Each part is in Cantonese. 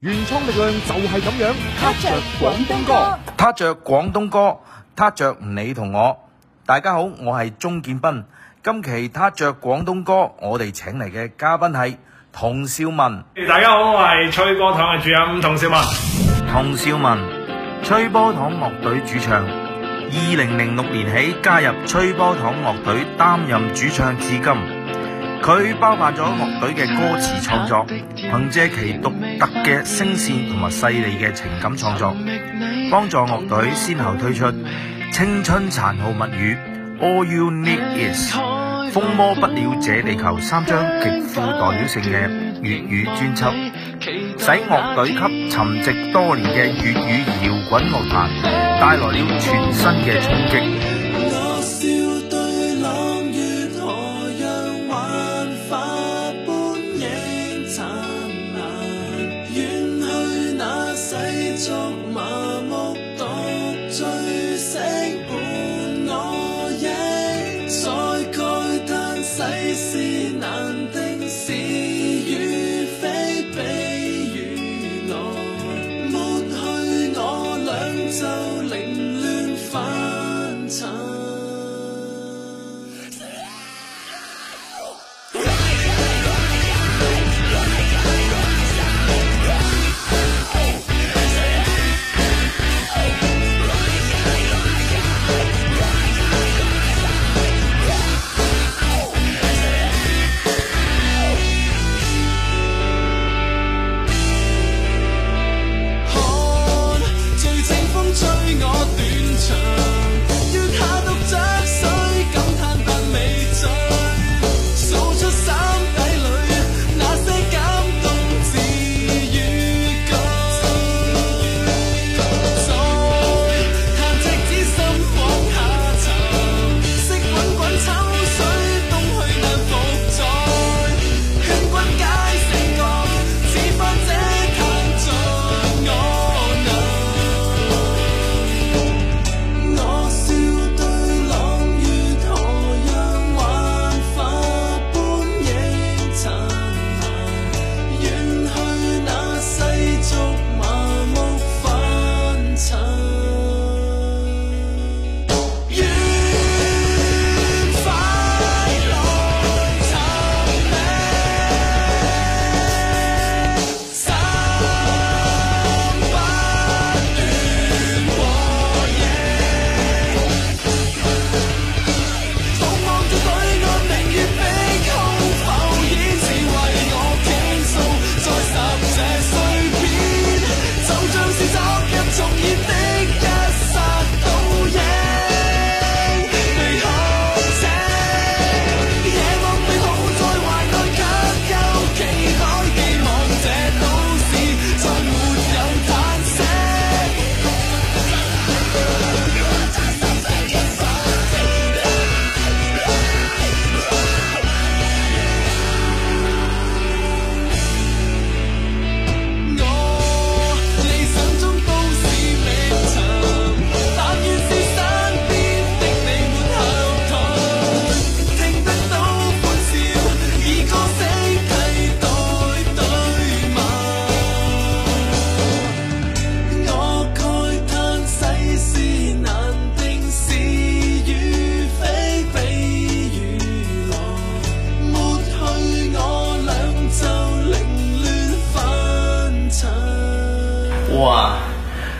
原創力量就係咁樣，撻着廣東歌，撻着廣東歌，撻着你同我。大家好，我係鍾建斌。今期撻着廣東歌，我哋請嚟嘅嘉賓係童紹民。大家好，我係吹波糖嘅主音童紹民。童紹民，吹波糖樂隊主唱，二零零六年起加入吹波糖樂隊擔任主唱至今。佢包辦咗樂隊嘅歌詞創作，憑借其獨特嘅聲線同埋細膩嘅情感創作，幫助樂隊先後推出《青春殘酷物語》、《All You Need Is》、《風魔不了這地球》三張極富代表性嘅粵語專輯，使樂隊給沉寂多年嘅粵語搖滾樂壇帶來了全新嘅衝擊。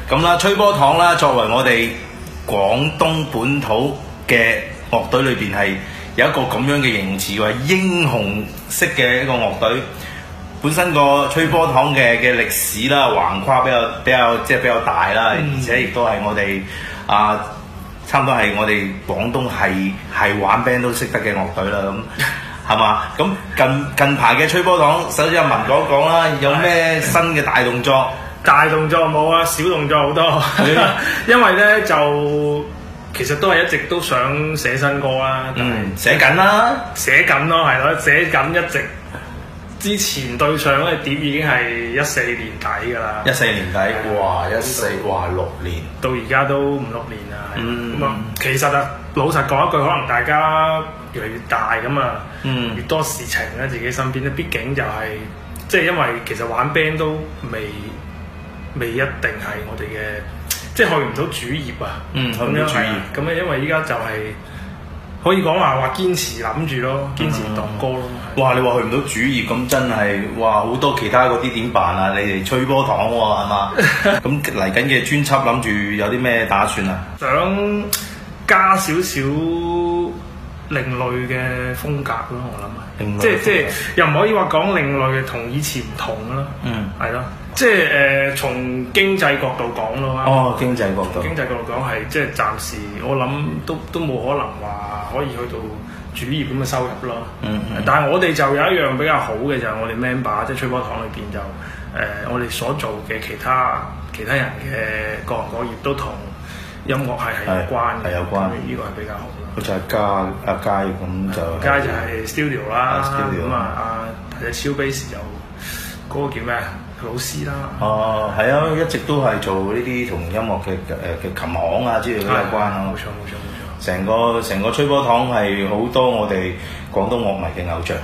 咁啦，吹波糖啦，作為我哋廣東本土嘅樂隊裏邊係有一個咁樣嘅形容詞，話英雄式嘅一個樂隊本身個吹波糖嘅嘅歷史啦，橫跨比較比較，比較即係比較大啦，嗯、而且亦都係我哋啊，差唔多係我哋廣東係係玩 band 都識得嘅樂隊啦，咁係嘛？咁 近近排嘅吹波糖，首先阿文講講啦， 有咩新嘅大動作？大動作冇啊，小動作好多。 因為呢，就其實都係一直都想寫新歌啦。但嗯，寫緊啦，寫緊咯，係咯，寫緊一直之前對唱嗰碟已經係一四年底㗎啦。一四年底，哇！一四、嗯、哇六年到而家都五六年啦。咁啊，嗯嗯、其實啊，老實講一句，可能大家越嚟越大咁啊，嗯、越多事情咧、啊、自己身邊咧，畢竟就係、是、即係因為其實玩 band 都未。未一定係我哋嘅，即係去唔到主業啊！咁、嗯、樣係咁啊，因為依家就係、是、可以講話話堅持諗住咯，堅持廣東歌咯、嗯是。哇！你話去唔到主業，咁真係哇好多其他嗰啲點辦啊？你哋吹波糖喎係嘛？咁嚟緊嘅專輯諗住有啲咩打算啊？想加少少另類嘅風格咯，我諗啊！即即又唔可以話講另類嘅同以前唔同啦，嗯，係咯。即係誒，從經濟角度講咯。哦，經濟角度。從經濟角度講，係即係暫時，我諗都都冇可能話可以去到主業咁嘅收入咯。嗯，但係我哋就有一樣比較好嘅，就係我哋 member 即係吹波糖裏邊就誒，我哋所做嘅其他其他人嘅各行各業都同音樂係係有關嘅，係有關。呢個係比較好。好似阿家阿佳咁就。阿佳就係 studio 啦，studio 咁啊阿大隻小 base 就嗰個叫咩啊？老師啦、啊，哦，係啊，一直都係做呢啲同音樂嘅誒嘅琴行啊之類嘅有關啊，冇錯冇錯冇錯。成個成個吹波糖係好多我哋廣東樂迷嘅偶像，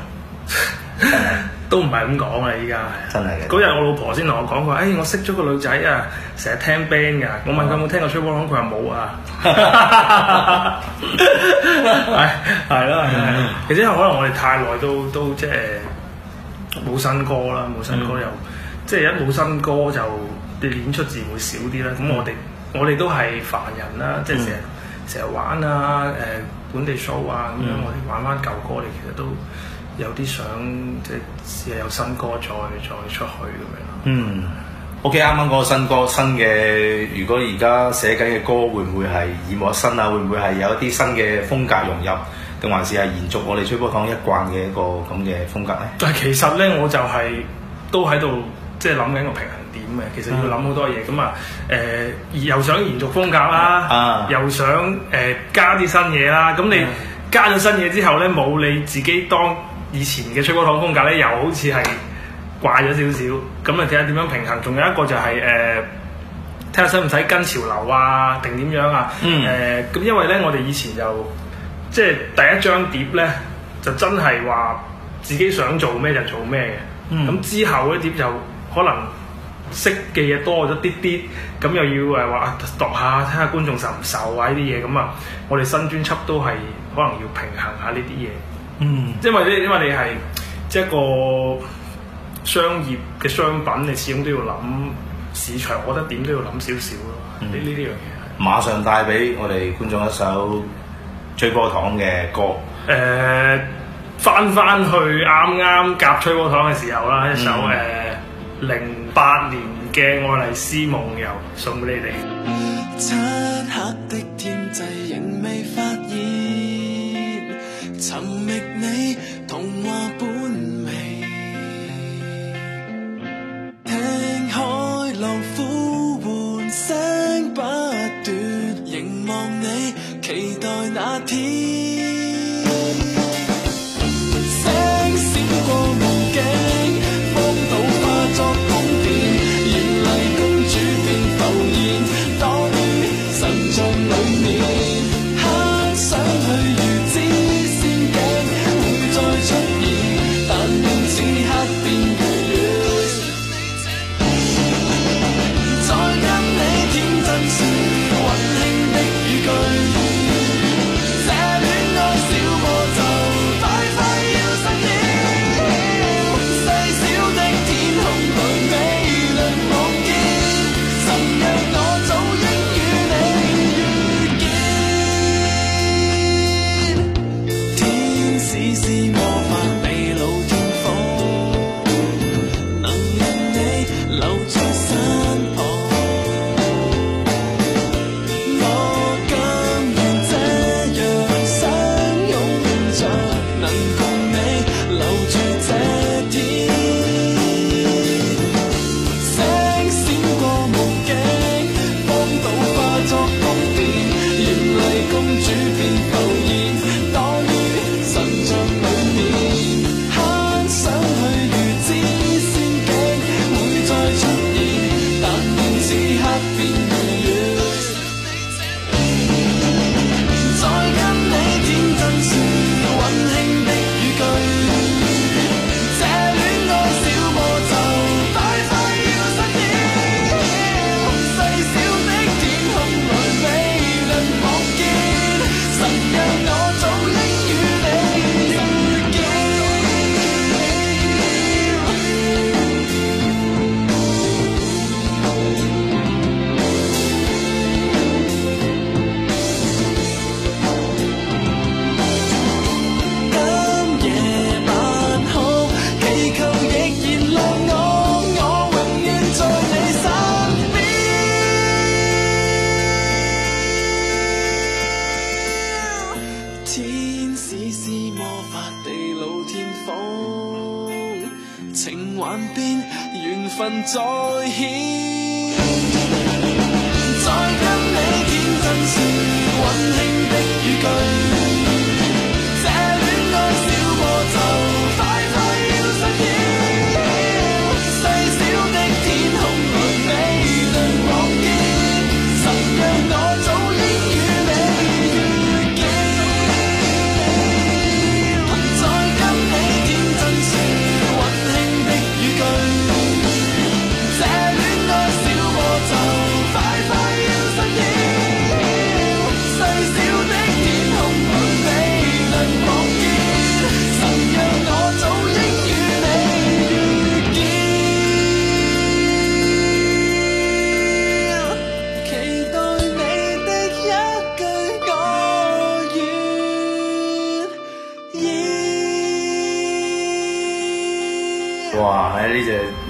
都唔係咁講啊！依家真係嘅。嗰日我老婆先同我講話，誒、欸，我識咗個女仔啊，成日聽 band 㗎。我問佢有冇聽過吹波糖，佢話冇啊。係係咯，係、 哎。其實 可能我哋太耐都都即係冇新歌啦，冇新歌又。即係一冇新歌就啲演出自然會少啲啦。咁、嗯、我哋我哋都係凡人啦，即係成日成日玩啦，誒、呃、本地 show 啊咁樣。嗯嗯、我哋玩翻舊歌，我哋其實都有啲想即係有新歌再再出去咁樣。嗯，OK，啱啱嗰個新歌新嘅，如果而家寫緊嘅歌會唔會係耳目一新啊？會唔會係有一啲新嘅風格融入，定還是係延續我哋吹波糖一貫嘅一個咁嘅風格咧？但係其實咧，我就係、是、都喺度。即係諗緊個平衡點嘅，其實要諗好多嘢咁啊。誒、嗯呃，又想延續風格啦，啊、又想誒、呃、加啲新嘢啦。咁你加咗新嘢之後呢，冇、嗯、你自己當以前嘅吹波糖風格呢又好似係怪咗少少。咁啊，睇下點樣平衡。仲有一個就係、是、誒，睇下使唔使跟潮流啊，定點樣啊？誒咁、嗯呃，因為呢，我哋以前就即係第一張碟呢，就真係話自己想做咩就做咩嘅。咁、嗯、之後嗰碟就～可能識嘅嘢多咗啲啲，咁又要誒話讀下，睇下觀眾受唔受啊？呢啲嘢咁啊，我哋新專輯都係可能要平衡下呢啲嘢。嗯因，因為因為你係、即係、一個商業嘅商品，你始終都要諗市場，我覺得點都要諗少少咯。呢呢呢樣嘢。馬上帶俾我哋觀眾一首吹波糖嘅歌。誒、呃，翻翻去啱啱夾吹波糖嘅時候啦，一首誒。嗯呃零八年嘅《愛麗絲夢遊》送畀你哋。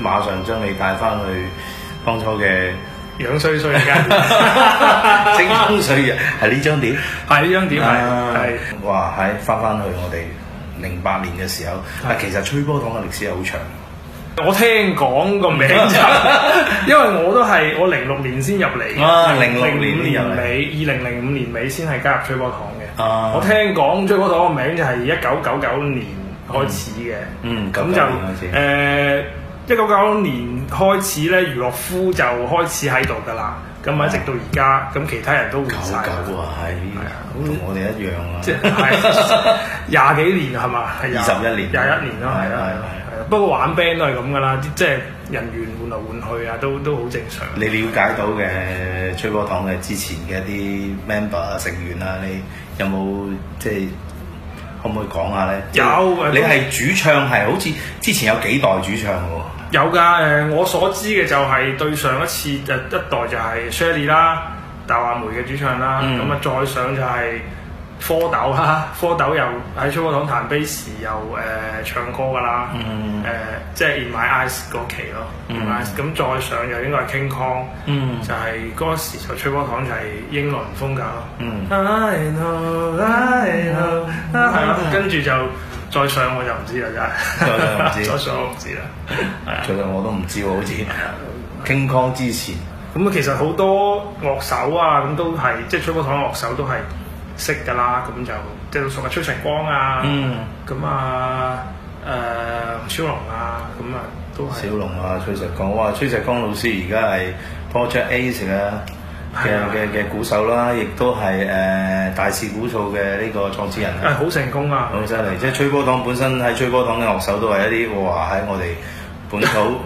馬上將你帶翻去當初嘅樣衰衰嘅，正風水嘅係呢張碟？係呢張碟啊？係哇！係翻翻去我哋零八年嘅時候，啊是，其實吹波糖嘅歷史係好長。我聽講個名、就係， 因為我都係我零六年先入嚟，零六年尾，二零零五年尾先係加入吹波糖嘅。啊、我聽講吹波糖個名就係一九九九年開始嘅、嗯。嗯，咁就誒。呃一九九九年開始咧，余樂夫就開始喺度噶啦，咁啊一直到而家，咁其他人都換曬。九九啊，係，同我哋一樣啊，即係廿幾年係嘛？二十一年，廿一年咯，係咯係咯，係啊。不過玩 band 都係咁噶啦，即係人員換來換去啊，都都好正常。你了解到嘅吹波糖嘅之前嘅一啲 member 啊成員啊，你有冇即係？可唔可以講下呢？有， 你係主唱係好似之前有幾代主唱嘅喎。有㗎，誒我所知嘅就係對上一次誒一代就係 Shirley 啦，大話梅嘅主唱啦，咁啊、嗯、再上就係、是。蝌蚪啦，蝌蚪又喺吹波糖彈 Bass 又誒、呃、唱歌噶啦，誒、呃、即係 In My Eyes 嗰期咯，In My Eyes 咁再上又應該係 King Kong，就係、是、嗰時就吹波糖就係英倫風格咯。I know 跟住就再我就我就 上我就唔知啦真係，再上我唔知啦，最近我都唔知喎好似 King Kong 之前，咁其實好多樂手啊咁都係即係吹波糖樂手都係。識㗎啦，咁就即係老熟嘅崔石光啊，咁啊，誒小龍啊，咁啊都係小龍啊，崔石光哇！崔石光老師而家係 Project Ace 嘅嘅嘅鼓手啦，亦都係誒大師鼓組嘅呢個創始人啦，係好成功啊，好犀利！即係吹波糖本身喺吹波糖嘅樂手都係一啲話喺我哋本土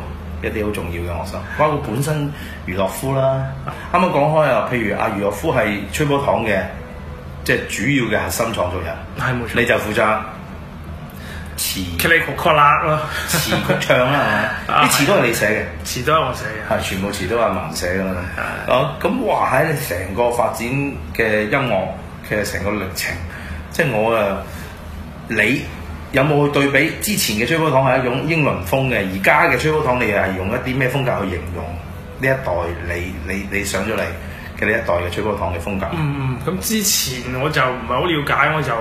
一啲好重要嘅樂手，包括本身余樂夫啦。啱啱講開啊，譬如阿余樂夫係吹波糖嘅。即係主要嘅核心創造人，係冇錯，你就負責詞，詞慈曲唱啦，啲詞都係你寫嘅，詞都係我寫嘅，係全部詞都係民寫噶啦。哦、 啊，咁哇喺你成個發展嘅音樂嘅成個歷程，即係我啊，你有冇去對比之前嘅吹波糖係一種英倫風嘅，而家嘅吹波糖你又係用一啲咩風格去形容呢一代你？你你你，你，你，你，你，你，你上咗嚟？呢一代嘅吹波糖嘅風格。嗯嗯，咁之前我就唔係好了解，我就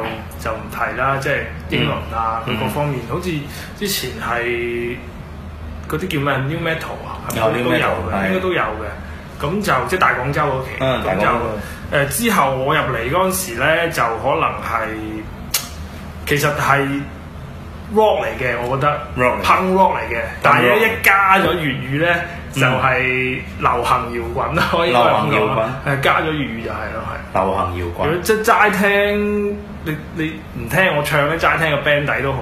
就唔提啦。即係英倫啊，各方面，好似之前係嗰啲叫咩 New Metal 啊，應該都有嘅，應該都有嘅。咁就即係大廣州嗰期。嗯，大廣州。誒之後我入嚟嗰陣時咧，就可能係其實係 Rock 嚟嘅，我覺得。Rock。Rock 嚟嘅，但係咧一加咗粵語咧。就係流行搖滾咯，可以講，係加咗粵語就係咯，係。流行搖滾。如果即係齋聽，你你唔聽我唱嘅齋聽個 band 底都好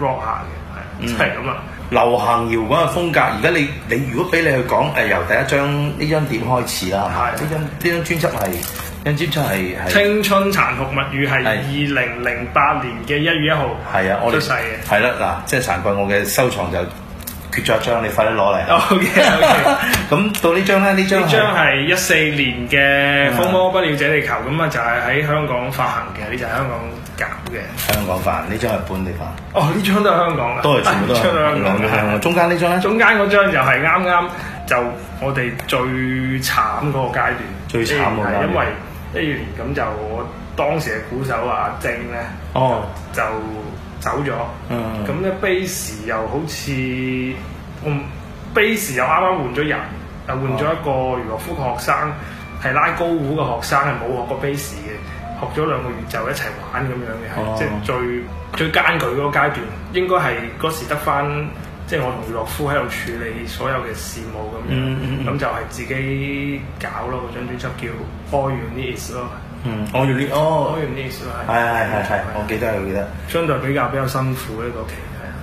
rock 下嘅，係係咁啊。流行搖滾嘅、就是、風格，而家你你如果俾你去講，誒由第一張呢張點開始啦，係的。呢張呢的張專輯係，呢張專輯係係。青春殘酷物語係二零零八年嘅一月一號。係啊，我哋係啦，嗱，即係殘酷，我嘅收藏就。決咗張，你快啲攞嚟。O K O K，咁到呢張啦，呢張呢張係一四年嘅《風魔不了這地球》，咁啊就係喺香港發行嘅，呢就喺香港搞嘅。香港發，呢張係本地發。哦，呢張都係香港嘅。都係全部都香港嘅。香港，中間呢張咧？中間嗰張又係啱啱就我哋最慘嗰個階段。最慘啊！因為一月咁就我當時嘅鼓手阿正咧，哦就。走咗，咁咧、嗯、bass 又好似我，bass 又啱啱換咗人，又換咗一個娛樂夫嘅學生，係拉高胡嘅學生係冇學過 bass 嘅，學咗兩個月就一齊玩咁樣嘅，係即係最最艱巨嗰個階段，應該係嗰時得翻，即係我同娛樂夫喺度處理所有嘅事務咁樣，咁、嗯嗯、就係自己搞咯，嗰張專輯叫 All You Need Is Love 嗯，我完呢，哦，係系系系，我記得，我記得。相對比較比較辛苦呢個期，係啊。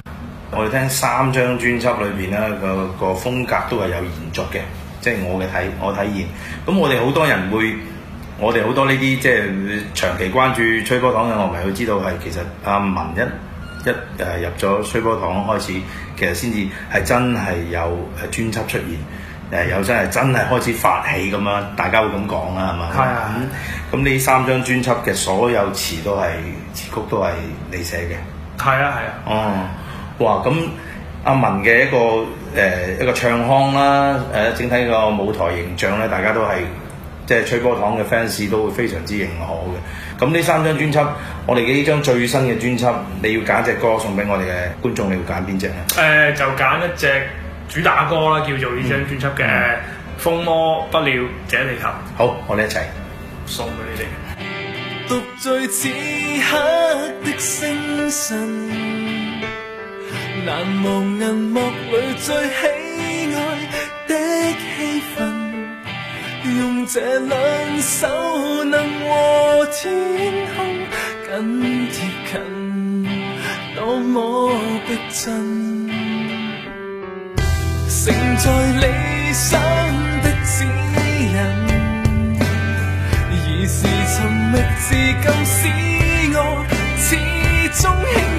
我哋聽三張專輯裏邊咧，個個風格都係有延續嘅，即係我嘅體，我體驗。咁我哋好多人會，我哋好多呢啲即係長期關注吹波糖嘅，我咪會知道係其實阿文、嗯、一一誒入咗吹波糖開始，其實先至係真係有誒專輯出現。誒又真係真係開始發起咁樣，大家會咁講啦，係嘛？係啊。咁呢、嗯、三張專輯嘅所有詞都係詞曲都係你寫嘅。係啊，係啊。哦、嗯，啊、哇！咁阿、啊、文嘅一個誒、呃、一個唱腔啦，誒、呃、整體個舞台形象咧，大家都係即係吹波糖嘅 fans 都會非常之認可嘅。咁呢三張專輯，我哋嘅呢張最新嘅專輯，你要揀隻歌送俾我哋嘅觀眾，你要揀邊隻咧？誒、呃，就揀一隻。主打歌啦，叫做呢張專輯嘅《風魔不了這地球》。好，我哋一齊送俾你哋。獨醉此刻的的星辰，難忘銀幕裏最喜愛的氣氛。用這兩首能和天空緊貼近多麼，多逼真。承載理想的指引，而是尋覓至今，使我始終終。